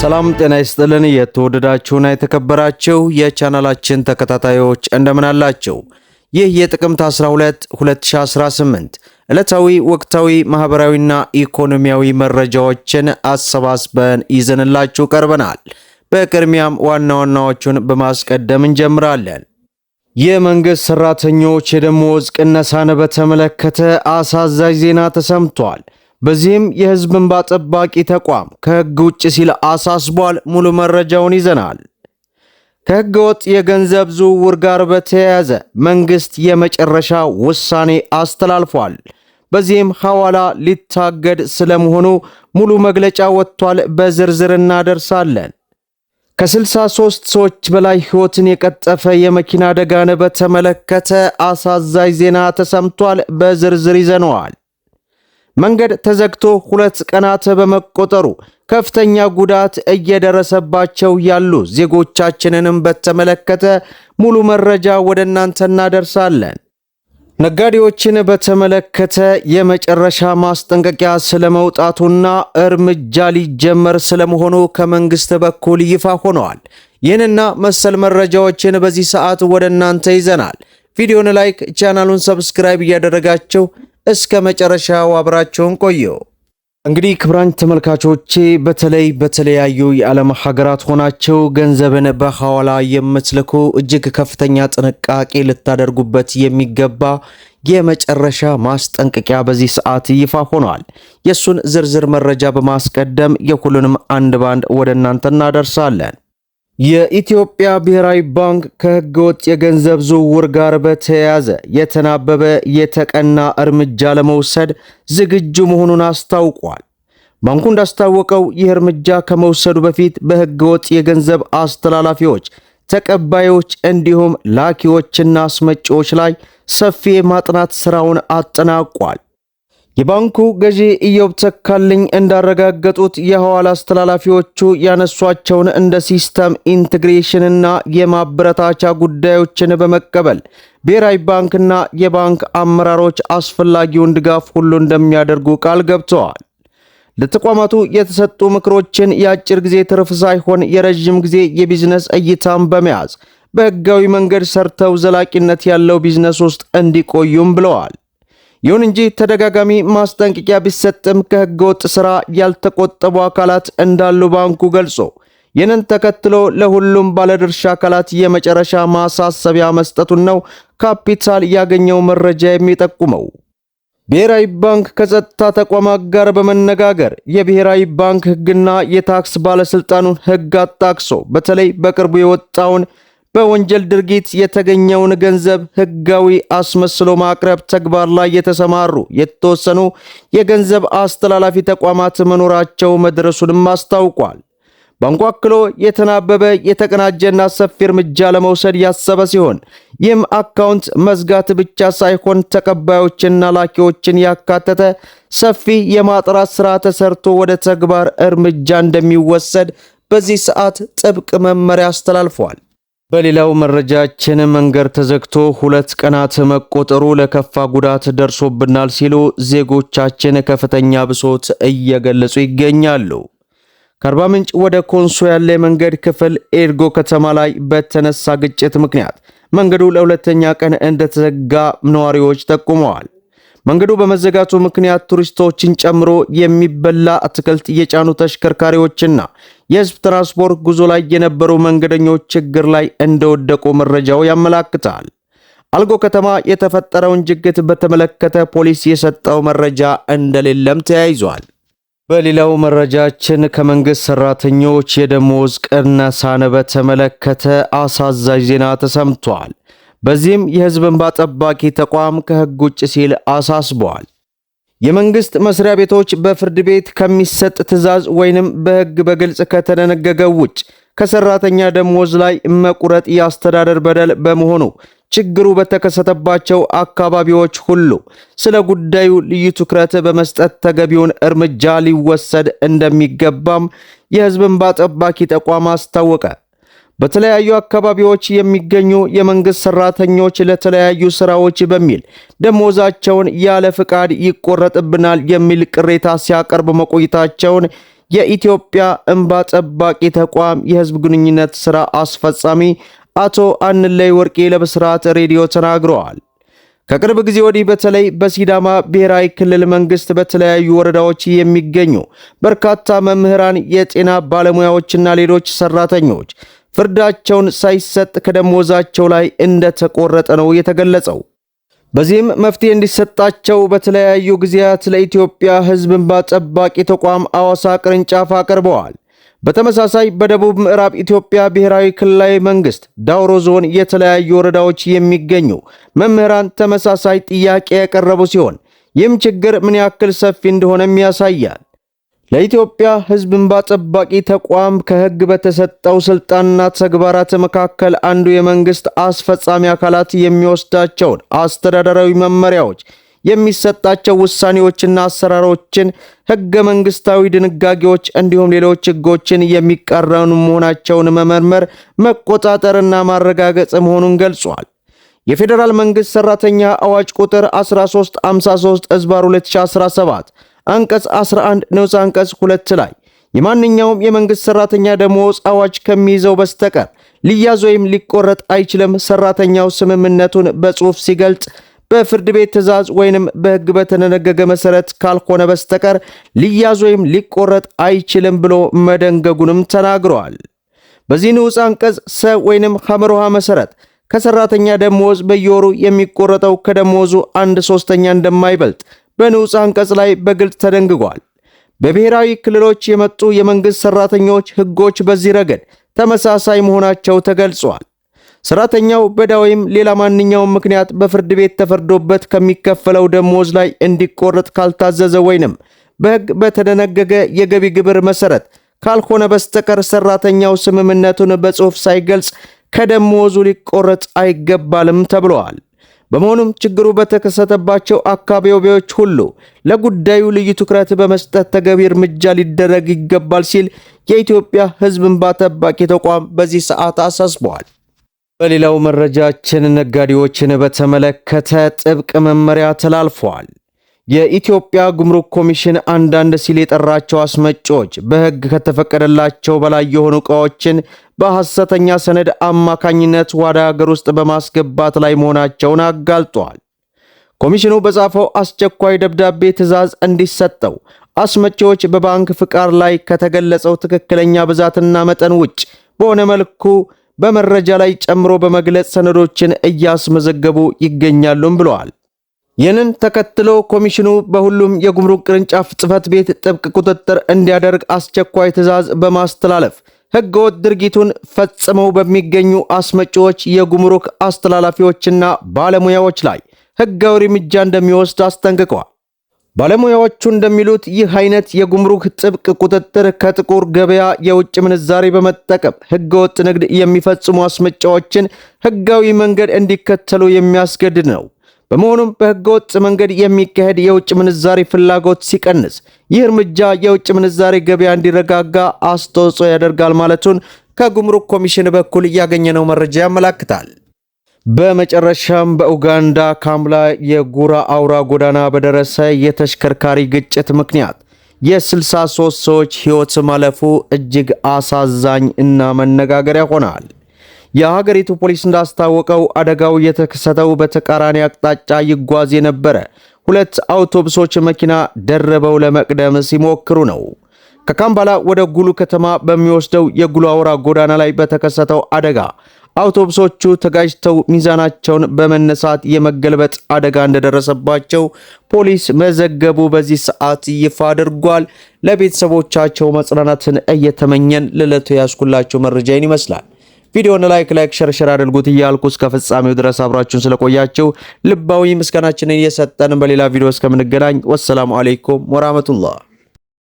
ሰላም ጤና ይስጥልን። የተወደዳችሁና የተከበራችሁ የቻናላችን ተከታታዮች እንደምን አላችሁ? ይህ የጥቅምት 12 2018 ዕለታዊ ወቅታዊ ማኅበራዊና ኢኮኖሚያዊ መረጃዎችን አሰባስበን ይዘንላችሁ ቀርበናል። በቅድሚያም ዋና ዋናዎቹን በማስቀደም እንጀምራለን። የመንግሥት ሠራተኞች የደሞዝ ቅነሳን በተመለከተ አሳዛኝ ዜና ተሰምቷል። በዚህም የህዝብ እንባ ጠባቂ ተቋም ከህግ ውጭ ሲል አሳስቧል። ሙሉ መረጃውን ይዘናል። ከህገ ወጥ የገንዘብ ዝውውር ጋር በተያያዘ መንግስት የመጨረሻ ውሳኔ አስተላልፏል። በዚህም ሐዋላ ሊታገድ ስለመሆኑ ሙሉ መግለጫ ወጥቷል። በዝርዝር እናደርሳለን። ከ63 ሰዎች በላይ ህይወትን የቀጠፈ የመኪና አደጋን በተመለከተ አሳዛኝ ዜና ተሰምቷል። በዝርዝር ይዘነዋል። መንገድ ተዘግቶ ሁለት ቀናት በመቆጠሩ ከፍተኛ ጉዳት እየደረሰባቸው ያሉ ዜጎቻችንንም በተመለከተ ሙሉ መረጃ ወደ እናንተ እናደርሳለን። ነጋዴዎችን በተመለከተ የመጨረሻ ማስጠንቀቂያ ስለመውጣቱና እርምጃ ሊጀመር ስለመሆኑ ከመንግስት በኩል ይፋ ሆነዋል። ይህንና መሰል መረጃዎችን በዚህ ሰዓት ወደ እናንተ ይዘናል። ቪዲዮን ላይክ፣ ቻናሉን ሰብስክራይብ እያደረጋቸው እስከ መጨረሻው አብራቸውን ቆየው። እንግዲህ ክብራን ተመልካቾቼ በተለይ በተለያዩ የዓለም ሀገራት ሆናቸው ገንዘብን በሐዋላ የምትልኩ እጅግ ከፍተኛ ጥንቃቄ ልታደርጉበት የሚገባ የመጨረሻ ማስጠንቀቂያ በዚህ ሰዓት ይፋ ሆኗል። የእሱን ዝርዝር መረጃ በማስቀደም የሁሉንም አንድ ባንድ ወደ እናንተ እናደርሳለን። የኢትዮጵያ ብሔራዊ ባንክ ከህገወጥ የገንዘብ ዝውውር ጋር በተያያዘ የተናበበ የተቀና እርምጃ ለመውሰድ ዝግጁ መሆኑን አስታውቋል። ባንኩ እንዳስታወቀው ይህ እርምጃ ከመውሰዱ በፊት በህገወጥ የገንዘብ አስተላላፊዎች፣ ተቀባዮች እንዲሁም ላኪዎችና አስመጪዎች ላይ ሰፊ የማጥናት ሥራውን አጠናቋል። የባንኩ ገዢ ኢዮብ ተካልኝ እንዳረጋገጡት የሐዋላ አስተላላፊዎቹ ያነሷቸውን እንደ ሲስተም ኢንቴግሬሽንና የማበረታቻ ጉዳዮችን በመቀበል ብሔራዊ ባንክና የባንክ አመራሮች አስፈላጊውን ድጋፍ ሁሉ እንደሚያደርጉ ቃል ገብተዋል። ለተቋማቱ የተሰጡ ምክሮችን የአጭር ጊዜ ትርፍ ሳይሆን የረዥም ጊዜ የቢዝነስ እይታን በመያዝ በሕጋዊ መንገድ ሰርተው ዘላቂነት ያለው ቢዝነስ ውስጥ እንዲቆዩም ብለዋል። ይሁን እንጂ ተደጋጋሚ ማስጠንቀቂያ ቢሰጥም ከህገወጥ ስራ ያልተቆጠቡ አካላት እንዳሉ ባንኩ ገልጾ ይህንን ተከትሎ ለሁሉም ባለድርሻ አካላት የመጨረሻ ማሳሰቢያ መስጠቱን ነው ካፒታል ያገኘው መረጃ የሚጠቁመው። ብሔራዊ ባንክ ከጸጥታ ተቋማት ጋር በመነጋገር የብሔራዊ ባንክ ህግና የታክስ ባለስልጣኑን ህግ አጣቅሶ በተለይ በቅርቡ የወጣውን በወንጀል ድርጊት የተገኘውን ገንዘብ ህጋዊ አስመስሎ ማቅረብ ተግባር ላይ የተሰማሩ የተወሰኑ የገንዘብ አስተላላፊ ተቋማት መኖራቸው መድረሱንም አስታውቋል። ባንኩ አክሎ የተናበበ የተቀናጀና ሰፊ እርምጃ ለመውሰድ ያሰበ ሲሆን ይህም አካውንት መዝጋት ብቻ ሳይሆን ተቀባዮችና ላኪዎችን ያካተተ ሰፊ የማጥራት ሥራ ተሰርቶ ወደ ተግባር እርምጃ እንደሚወሰድ በዚህ ሰዓት ጥብቅ መመሪያ አስተላልፏል። በሌላው መረጃችን መንገድ ተዘግቶ ሁለት ቀናት መቆጠሩ ለከፋ ጉዳት ደርሶብናል ሲሉ ዜጎቻችን ከፍተኛ ብሶት እየገለጹ ይገኛሉ። ከአርባ ምንጭ ወደ ኮንሶ ያለ የመንገድ ክፍል ኤርጎ ከተማ ላይ በተነሳ ግጭት ምክንያት መንገዱ ለሁለተኛ ቀን እንደተዘጋ ነዋሪዎች ጠቁመዋል። መንገዱ በመዘጋቱ ምክንያት ቱሪስቶችን ጨምሮ የሚበላ አትክልት እየጫኑ ተሽከርካሪዎችና የህዝብ ትራንስፖርት ጉዞ ላይ የነበሩ መንገደኞች ችግር ላይ እንደወደቁ መረጃው ያመላክታል። አልጎ ከተማ የተፈጠረውን ጅግት በተመለከተ ፖሊስ የሰጠው መረጃ እንደሌለም ተያይዟል። በሌላው መረጃችን ከመንግስት ሰራተኞች የደሞዝ ቅነሳን በተመለከተ አሳዛኝ ዜና ተሰምቷል። በዚህም የህዝብን እንባ ጠባቂ ተቋም ከህግ ውጭ ሲል አሳስቧል። የመንግስት መስሪያ ቤቶች በፍርድ ቤት ከሚሰጥ ትዕዛዝ ወይንም በህግ በግልጽ ከተደነገገው ውጭ ከሰራተኛ ደሞዝ ላይ መቁረጥ የአስተዳደር በደል በመሆኑ ችግሩ በተከሰተባቸው አካባቢዎች ሁሉ ስለ ጉዳዩ ልዩ ትኩረት በመስጠት ተገቢውን እርምጃ ሊወሰድ እንደሚገባም የህዝብን እንባ ጠባቂ ተቋም አስታወቀ። በተለያዩ አካባቢዎች የሚገኙ የመንግስት ሰራተኞች ለተለያዩ ሥራዎች በሚል ደሞዛቸውን ያለ ፍቃድ ይቆረጥብናል የሚል ቅሬታ ሲያቀርብ መቆየታቸውን የኢትዮጵያ እንባ ጠባቂ ተቋም የህዝብ ግንኙነት ሥራ አስፈጻሚ አቶ አንለይ ወርቄ ለብስራት ሬዲዮ ተናግረዋል። ከቅርብ ጊዜ ወዲህ በተለይ በሲዳማ ብሔራዊ ክልል መንግስት በተለያዩ ወረዳዎች የሚገኙ በርካታ መምህራን፣ የጤና ባለሙያዎችና ሌሎች ሰራተኞች ፍርዳቸውን ሳይሰጥ ከደሞዛቸው ላይ እንደተቆረጠ ነው የተገለጸው። በዚህም መፍትሄ እንዲሰጣቸው በተለያዩ ጊዜያት ለኢትዮጵያ ሕዝብ እንባ ጠባቂ ተቋም አዋሳ ቅርንጫፍ አቅርበዋል። በተመሳሳይ በደቡብ ምዕራብ ኢትዮጵያ ብሔራዊ ክልላዊ መንግስት ዳውሮ ዞን የተለያዩ ወረዳዎች የሚገኙ መምህራን ተመሳሳይ ጥያቄ ያቀረቡ ሲሆን ይህም ችግር ምን ያክል ሰፊ እንደሆነም ያሳያል። ለኢትዮጵያ ሕዝብ እንባ ጠባቂ ተቋም ከሕግ በተሰጠው ስልጣንና ተግባራት መካከል አንዱ የመንግስት አስፈጻሚ አካላት የሚወስዳቸውን አስተዳደራዊ መመሪያዎች፣ የሚሰጣቸው ውሳኔዎችና አሰራሮችን ሕገ መንግስታዊ ድንጋጌዎች እንዲሁም ሌሎች ሕጎችን የሚቃረኑ መሆናቸውን መመርመር፣ መቆጣጠርና ማረጋገጥ መሆኑን ገልጿል። የፌዴራል መንግስት ሰራተኛ አዋጅ ቁጥር 1353 2017 አንቀጽ 11 ንዑስ አንቀጽ 2 ላይ የማንኛውም የመንግስት ሰራተኛ ደሞዝ አዋጅ ከሚይዘው በስተቀር ሊያዝ ወይም ሊቆረጥ አይችልም። ሰራተኛው ስምምነቱን በጽሑፍ ሲገልጽ በፍርድ ቤት ትዕዛዝ ወይንም በሕግ በተደነገገ መሰረት ካልሆነ በስተቀር ሊያዝ ወይም ሊቆረጥ አይችልም ብሎ መደንገጉንም ተናግረዋል። በዚህ ንዑስ አንቀጽ ሰ ወይንም ሐመርሃ መሰረት ከሰራተኛ ደሞዝ በየወሩ የሚቆረጠው ከደሞዙ አንድ ሶስተኛ እንደማይበልጥ በንዑስ አንቀጽ ላይ በግልጽ ተደንግጓል። በብሔራዊ ክልሎች የመጡ የመንግሥት ሠራተኞች ሕጎች በዚህ ረገድ ተመሳሳይ መሆናቸው ተገልጿል። ሠራተኛው በዕዳ ወይም ሌላ ማንኛውም ምክንያት በፍርድ ቤት ተፈርዶበት ከሚከፈለው ደሞዝ ላይ እንዲቆረጥ ካልታዘዘ ወይንም በሕግ በተደነገገ የገቢ ግብር መሠረት ካልሆነ በስተቀር ሠራተኛው ስምምነቱን በጽሑፍ ሳይገልጽ ከደሞዙ ሊቆረጥ አይገባልም ተብለዋል። በመሆኑም ችግሩ በተከሰተባቸው አካባቢዎች ሁሉ ለጉዳዩ ልዩ ትኩረት በመስጠት ተገቢ እርምጃ ሊደረግ ይገባል ሲል የኢትዮጵያ ሕዝብ እንባ ጠባቂ ተቋም በዚህ ሰዓት አሳስበዋል። በሌላው መረጃችን ነጋዴዎችን በተመለከተ ጥብቅ መመሪያ ተላልፏል። የኢትዮጵያ ጉምሩክ ኮሚሽን አንዳንድ ሲል የጠራቸው አስመጪዎች በሕግ ከተፈቀደላቸው በላይ የሆኑ ዕቃዎችን በሐሰተኛ ሰነድ አማካኝነት ወደ አገር ውስጥ በማስገባት ላይ መሆናቸውን አጋልጧል። ኮሚሽኑ በጻፈው አስቸኳይ ደብዳቤ ትዕዛዝ እንዲሰጠው አስመጪዎች በባንክ ፍቃድ ላይ ከተገለጸው ትክክለኛ ብዛትና መጠን ውጭ በሆነ መልኩ በመረጃ ላይ ጨምሮ በመግለጽ ሰነዶችን እያስመዘገቡ ይገኛሉም ብለዋል። ይህንን ተከትሎ ኮሚሽኑ በሁሉም የጉምሩክ ቅርንጫፍ ጽፈት ቤት ጥብቅ ቁጥጥር እንዲያደርግ አስቸኳይ ትዕዛዝ በማስተላለፍ ሕገወጥ ድርጊቱን ፈጽመው በሚገኙ አስመጪዎች፣ የጉምሩክ አስተላላፊዎችና ባለሙያዎች ላይ ሕጋዊ እርምጃ እንደሚወስድ አስጠንቅቀዋል። ባለሙያዎቹ እንደሚሉት ይህ አይነት የጉምሩክ ጥብቅ ቁጥጥር ከጥቁር ገበያ የውጭ ምንዛሬ በመጠቀም ሕገወጥ ንግድ የሚፈጽሙ አስመጫዎችን ሕጋዊ መንገድ እንዲከተሉ የሚያስገድድ ነው። በመሆኑም በህገወጥ መንገድ የሚካሄድ የውጭ ምንዛሬ ፍላጎት ሲቀንስ ይህ እርምጃ የውጭ ምንዛሬ ገበያ እንዲረጋጋ አስተዋጽኦ ያደርጋል ማለቱን ከጉምሩክ ኮሚሽን በኩል ያገኘነው መረጃ ያመላክታል። በመጨረሻም በኡጋንዳ ካምላ የጉራ አውራ ጎዳና በደረሰ የተሽከርካሪ ግጭት ምክንያት የ63 ሰዎች ህይወት ማለፉ እጅግ አሳዛኝ እና መነጋገሪያ ሆኗል። የሀገሪቱ ፖሊስ እንዳስታወቀው አደጋው የተከሰተው በተቃራኒ አቅጣጫ ይጓዝ የነበረ ሁለት አውቶቡሶች መኪና ደርበው ለመቅደም ሲሞክሩ ነው። ከካምባላ ወደ ጉሉ ከተማ በሚወስደው የጉሉ አውራ ጎዳና ላይ በተከሰተው አደጋ አውቶቡሶቹ ተጋጅተው ሚዛናቸውን በመነሳት የመገልበጥ አደጋ እንደደረሰባቸው ፖሊስ መዘገቡ በዚህ ሰዓት ይፋ አድርጓል። ለቤተሰቦቻቸው መጽናናትን እየተመኘን ለዕለቱ ያስኩላቸው መረጃ ይህን ይመስላል። ቪዲዮን ላይክ ላይክ ሸር ሸር አድርጉት እያልኩ እስከ ፍጻሜው ድረስ አብራችሁን ስለቆያችሁ ልባዊ ምስጋናችንን እየሰጠን በሌላ ቪዲዮ እስከምንገናኝ ወሰላሙ አሌይኩም ወራህመቱላህ